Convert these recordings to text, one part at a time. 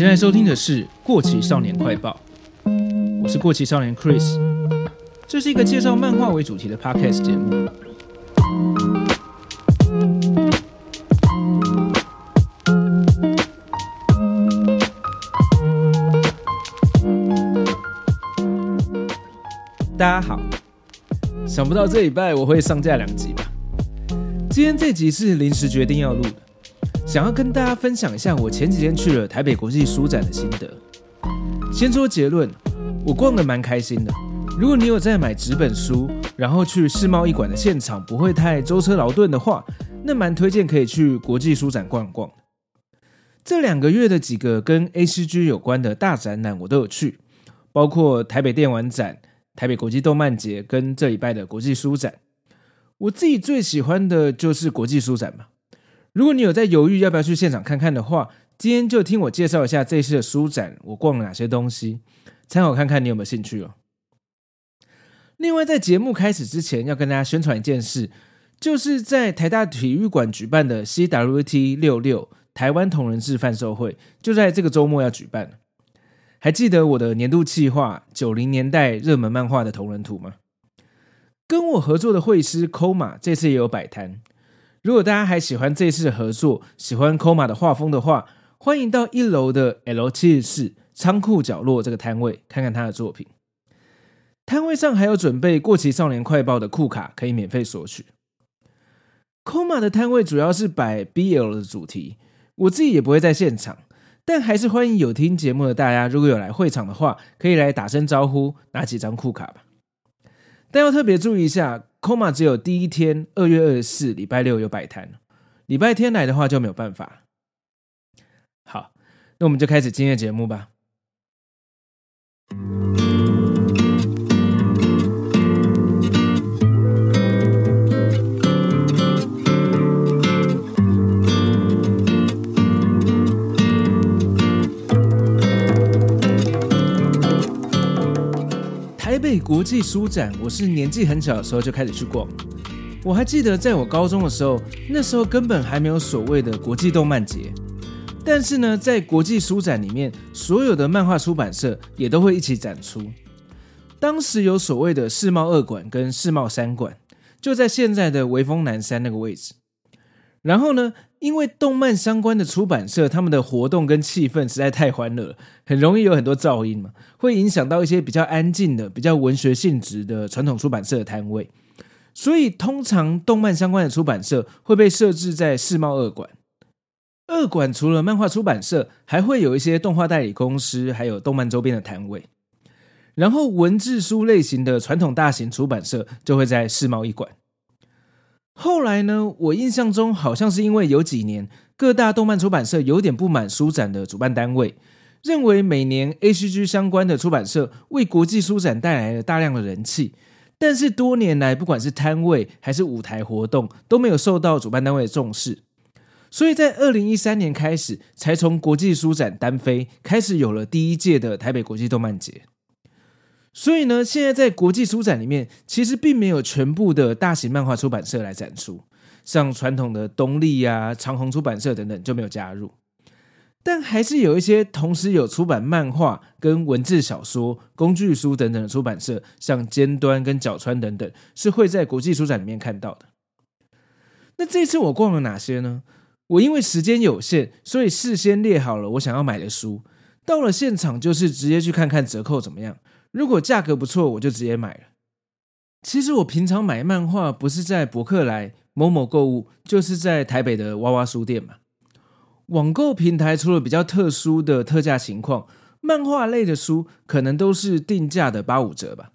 現在收聽的是《過期少年快報》，我是過期少年 Chris，這是一個介紹漫畫為主題的 Podcast 節目。大家好，想不到這禮拜我會上架兩集吧，今天這集是臨時決定要錄的。想要跟大家分享一下我前幾天去了台北國際書展的心得。先說結論，我逛得蠻開心的。如果你有在買紙本書，然後去世貿一館的現場不會太舟車勞頓的話，那蠻推薦可以去國際書展逛逛。這兩個月的幾個跟 ACG 有關的大展覽我都有去，包括台北電玩展、台北國際動漫節跟這禮拜的國際書展。我自己最喜歡的就是國際書展嘛。如果你有在猶豫要不要去現場看看的話，今天就聽我介紹一下這一次的書展，我逛了哪些東西，參考看看你有沒有興趣哦。另外，在節目開始之前，要跟大家宣傳一件事，就是在台大體育館舉辦的 CWT 六六台灣同人誌販售會，就在這個周末要舉辦。還記得我的年度企劃，九零年代熱門漫畫的同人圖嗎？跟我合作的繪師 Koma 這次也有擺攤。如果大家還喜歡這次的合作，喜歡 Koma 的畫風的話，歡迎到一樓的 L74 倉庫角落這個攤位看看他的作品。攤位上還有準備《過期少年快報》的酷卡可以免費索取。Koma 的攤位主要是擺 BL 的主題，我自己也不會在現場，但還是歡迎有聽節目的大家，如果有來會場的話，可以來打聲招呼，拿幾張酷卡吧。但要特別注意一下。空 a 只有第一天，二月二十四，禮拜六有擺攤。禮拜天來的話就沒有辦法。好，那我們就開始今夜節目吧。台北國際書展，我是年紀很小的時候就開始去逛。我還記得，在我高中的時候，那時候根本還沒有所謂的國際動漫節，但是呢，在國際書展裡面，所有的漫畫出版社也都會一起展出。當時有所謂的世貿二館跟世貿三館，就在現在的微風南山那個位置。然後呢，因為動漫相關的出版社，他們的活動跟氣氛實在太歡樂了，很容易有很多噪音嘛會影響到一些比較安靜的、比較文學性質的傳統出版社的攤位，所以通常動漫相關的出版社會被設置在世貿二館。二館除了漫畫出版社，還會有一些動畫代理公司，還有動漫周邊的攤位。然後文字書類型的傳統大型出版社就會在世貿一館。後來呢，我印象中好像是因為有幾年各大動漫出版社有點不滿書展的主辦單位，認為每年 ACG 相關的出版社為國際書展帶來了大量的人氣，但是多年來不管是攤位還是舞台活動都沒有受到主辦單位的重視，所以在二零一三年開始才從國際書展單飛，開始有了第一屆的台北國際動漫節。所以呢，現在在國際書展裡面，其實並沒有全部的大型漫畫出版社來展出，像傳統的東立啊、長鴻出版社等等就沒有加入。但還是有一些同時有出版漫畫跟文字小說、工具書等等的出版社，像尖端跟角川等等，是會在國際書展裡面看到的。那這次我逛了哪些呢？我因為時間有限，所以事先列好了我想要買的書，到了現場就是直接去看看折扣怎麼樣。如果價格不錯，我就直接買了。其實我平常買漫畫，不是在博客來、某某購物，就是在台北的娃娃書店嘛。網購平台除了比較特殊的特價情況，漫畫類的書可能都是定價的八五折吧。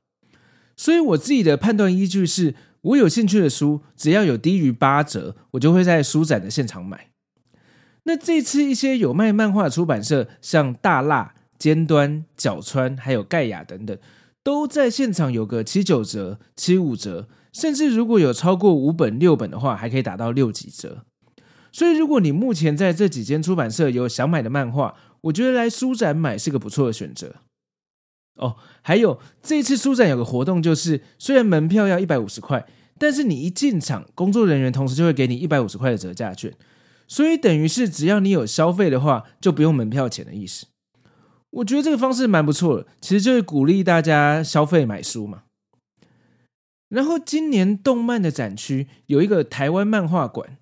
所以我自己的判斷依據是，我有興趣的書，只要有低於八折，我就會在書展的現場買。那這次一些有賣漫畫出版社，像大辣、尖端、角川還有蓋亞等等，都在現場有個七九折、七五折，甚至如果有超過五本六本的話，還可以打到六幾折。所以，如果你目前在這幾間出版社有想買的漫畫，我覺得來書展買是個不錯的選擇。哦，還有這次書展有個活動，就是雖然門票要一百五十塊，但是你一進場，工作人員同時就會給你一百五十塊的折價券，所以等於是只要你有消費的話，就不用門票錢的意思。我覺得這個方式蠻不錯的，其實就是鼓勵大家消費買書嘛。然後今年動漫的展區有一個台灣漫畫館，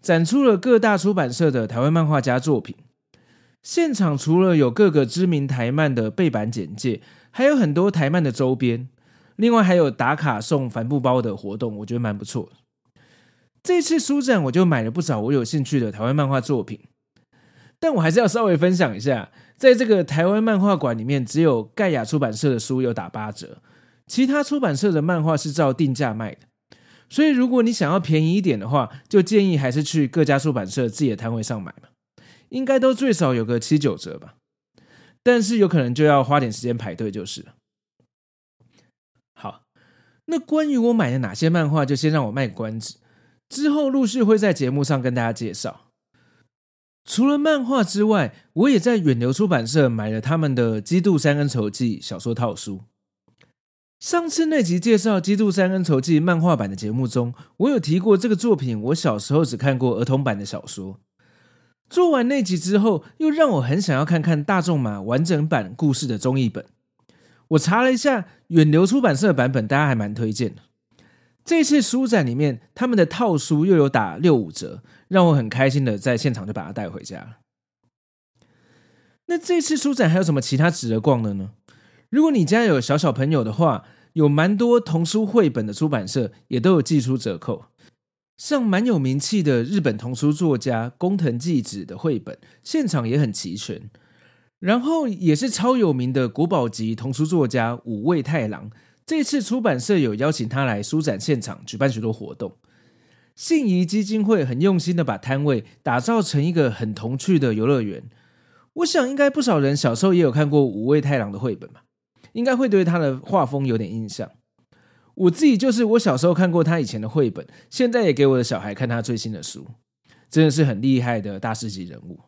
展出了各大出版社的台灣漫畫家作品。現場除了有各個知名台漫的背板簡介，還有很多台漫的周邊，另外還有打卡送帆布包的活動，我覺得蠻不錯。這次書展我就買了不少我有興趣的台灣漫畫作品。但我還是要稍微分享一下，在這個台灣漫畫館裡面，只有蓋亞出版社的書有打八折，其他出版社的漫畫是照定價賣的。所以，如果你想要便宜一點的話，就建議還是去各家出版社自己的攤位上買嘛，應該都最少有個七九折吧。但是有可能就要花點時間排隊就是了。好，那關於我買的哪些漫畫，就先讓我賣個關子，之後陸續會在節目上跟大家介紹。除了漫畫之外，我也在遠流出版社買了他們的《基督山恩仇記》小說套書。上次那集介紹《基督山恩仇記》漫畫版的節目中，我有提過這個作品。我小時候只看過兒童版的小說。做完那集之後，又讓我很想要看看大仲馬完整版故事的中譯本。我查了一下遠流出版社的版本，大家還蠻推薦的。這次書展裡面，他們的套書又有打六五折，讓我很開心的在現場就把它帶回家。那這次書展還有什麼其他值得逛的呢？如果你家有小小朋友的話，有蠻多童書繪本的出版社也都有祭出折扣，像蠻有名氣的日本童書作家工藤紀子的繪本，現場也很齊全。然後也是超有名的國寶級童書作家五味太郎。這次出版社有邀請他來書展現場舉辦許多活動，信誼基金會很用心的把攤位打造成一個很童趣的遊樂園。我想應該不少人小時候也有看過五味太郎的繪本吧，應該會對他的畫風有點印象。我自己就是我小時候看過他以前的繪本，現在也給我的小孩看他最新的書，真的是很厲害的大師級人物。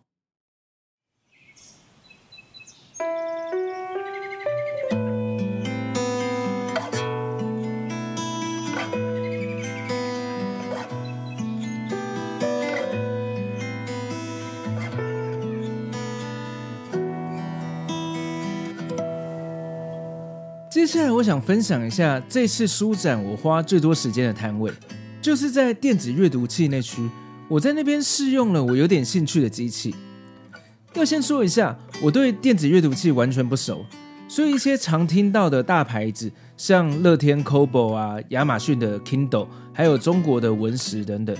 接下來我想分享一下這次書展我花最多時間的攤位，就是在電子閱讀器那區。我在那邊試用了我有點興趣的機器。要先說一下，我對電子閱讀器完全不熟，所以一些常聽到的大牌子，像樂天 Kobo 啊、亞馬遜的 Kindle，還有中國的文石等等，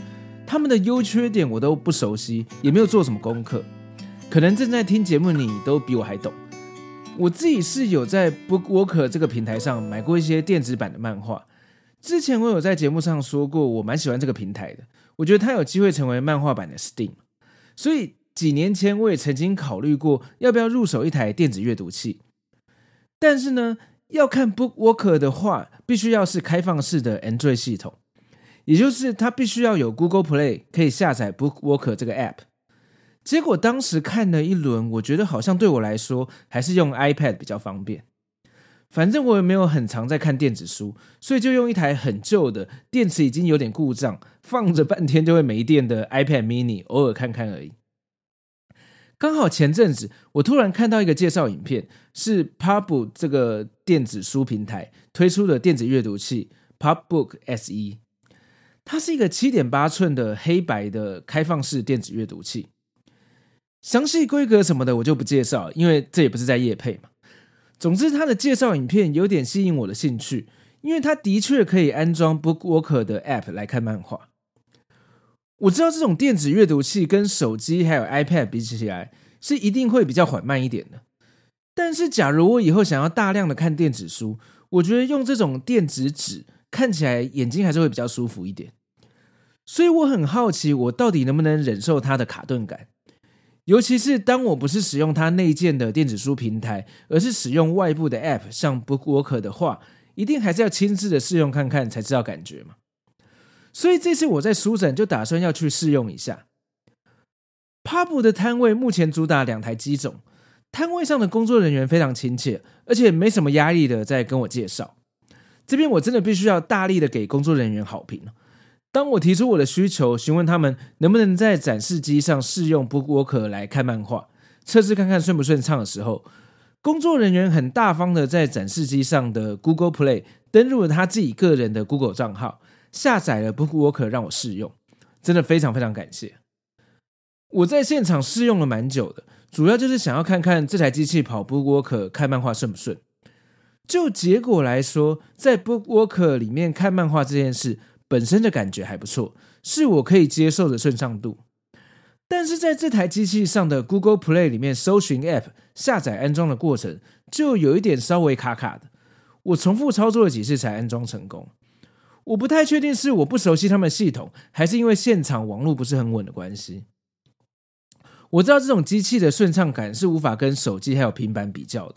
他們的優缺點我都不熟悉，也沒有做什麼功課。可能正在聽節目你都比我還懂。我自己是有在 Bookwalker 這個平台上買過一些電子版的漫畫。之前我有在節目上說過，我蠻喜歡這個平台的。我覺得它有機會成為漫畫版的 Steam。所以幾年前我也曾經考慮過要不要入手一台電子閱讀器。但是呢，要看 Bookwalker 的話，必須要是開放式的 Android 系統，也就是它必須要有 Google Play 可以下載 Bookwalker 這個 App。結果當時看了一輪，我覺得好像對我來說還是用 iPad 比較方便。反正我也沒有很常在看電子書，所以就用一台很舊的，電池已經有點故障，放着半天就會沒電的 iPad Mini，偶爾看看而已。剛好前陣子我突然看到一個介紹影片，是 Pub 這個電子書平台推出的電子閱讀器 Pub Book S e，它是一個七點八寸的黑白的開放式電子閱讀器。詳細規格什麼的我就不介紹，因為這也不是在業配嘛。總之，它的介紹影片有點吸引我的興趣，因為它的確可以安裝 BookWalker 的 App 來看漫畫。我知道這種電子閱讀器跟手機還有 iPad 比起來是一定會比較緩慢一點的，但是假如我以後想要大量的看電子書，我覺得用這種電子紙看起來眼睛還是會比較舒服一點。所以我很好奇，我到底能不能忍受它的卡頓感。尤其是當我不是使用它內建的電子書平台，而是使用外部的 App，像 BookWalker 的話，一定還是要親自的試用看看才知道感覺嘛。所以這次我在書展就打算要去試用一下。Pub 的攤位目前主打兩台機種，攤位上的工作人員非常親切，而且沒什麼壓力的在跟我介紹。這邊我真的必須要大力的給工作人員好評當我提出我的需求，詢問他們能不能在展示機上試用 BookWalker 來看漫畫，測試看看順不順暢的時候，工作人員很大方的在展示機上的 Google Play 登錄了他自己個人的 Google 賬號，下載了 BookWalker 讓我試用，真的非常非常感謝。我在現場試用了蠻久的，主要就是想要看看這台機器跑 BookWalker 看漫畫順不順。就結果來說，在 BookWalker 裡面看漫畫這件事。本身的感覺還不錯，是我可以接受的順暢度。但是在這台機器上的 Google Play 裡面搜尋 App、下載安裝的過程，就有一點稍微卡卡的。我重複操作了幾次才安裝成功。我不太確定是我不熟悉他們系統，還是因為現場網路不是很穩的關係。我知道這種機器的順暢感是無法跟手機還有平板比較的。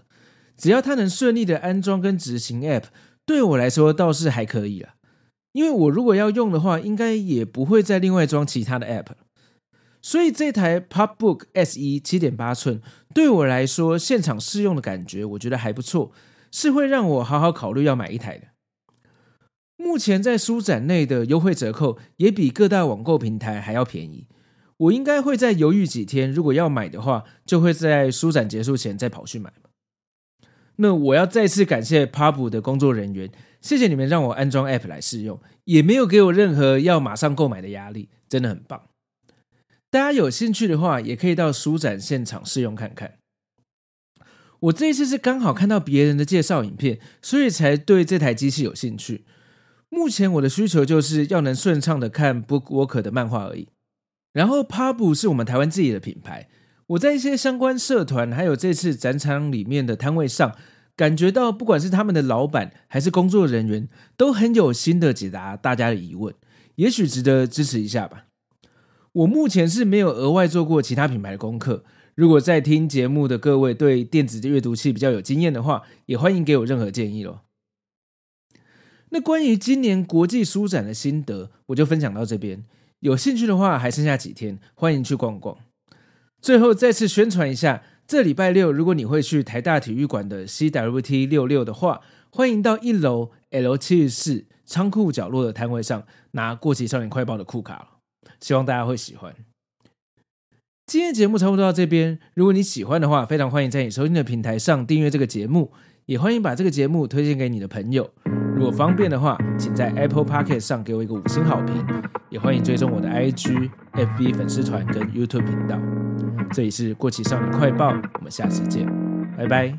只要它能順利的安裝跟執行 App，對我來說倒是還可以了。因為我如果要用的話，應該也不會再另外裝其他的 App，所以這台 Pubook SE 七點八寸對我來說現場試用的感覺，我覺得還不錯，是會讓我好好考慮要買一台的。目前在書展內的優惠折扣也比各大網購平台還要便宜，我應該會再猶豫幾天，如果要買的話，就會在書展結束前再跑去買。那我要再次感謝 Pub 的工作人員。謝謝你們讓我安裝 App 來試用，也沒有給我任何要馬上購買的壓力，真的很棒。大家有興趣的話，也可以到書展現場試用看看。我這一次是剛好看到別人的介紹影片，所以才對這台機器有興趣。目前我的需求就是要能順暢的看 BookWalker 的漫畫而已。然後 Pubu 是我們台灣自己的品牌，我在一些相關社團還有這次展場裡面的攤位上。感覺到不管是他們的老板還是工作人員都很有心的解答大家的疑問，也許值得支持一下吧。我目前是沒有額外做過其他品牌的功課，如果在聽節目的各位對電子閱讀器比較有經驗的話，也歡迎給我任何建議哦。那關於今年國際書展的心得，我就分享到這邊。有興趣的話，還剩下幾天，歡迎去逛逛。最後再次宣傳一下。這禮拜六，如果你會去台大體育館的 CWT 六六的話，歡迎到一樓 L 七十四倉庫角落的攤位上拿過期《少年快報》的酷卡，希望大家會喜歡。今天的節目差不多到這邊，如果你喜歡的話，非常歡迎在你收聽的平台上訂閱這個節目，也歡迎把這個節目推薦給你的朋友。如果方便的話，請在 Apple Podcast 上給我一個五星好評，也歡迎追蹤我的 IG、FB 粉絲團跟 YouTube 頻道。這裡是過期少年快報，我們下次見，拜拜。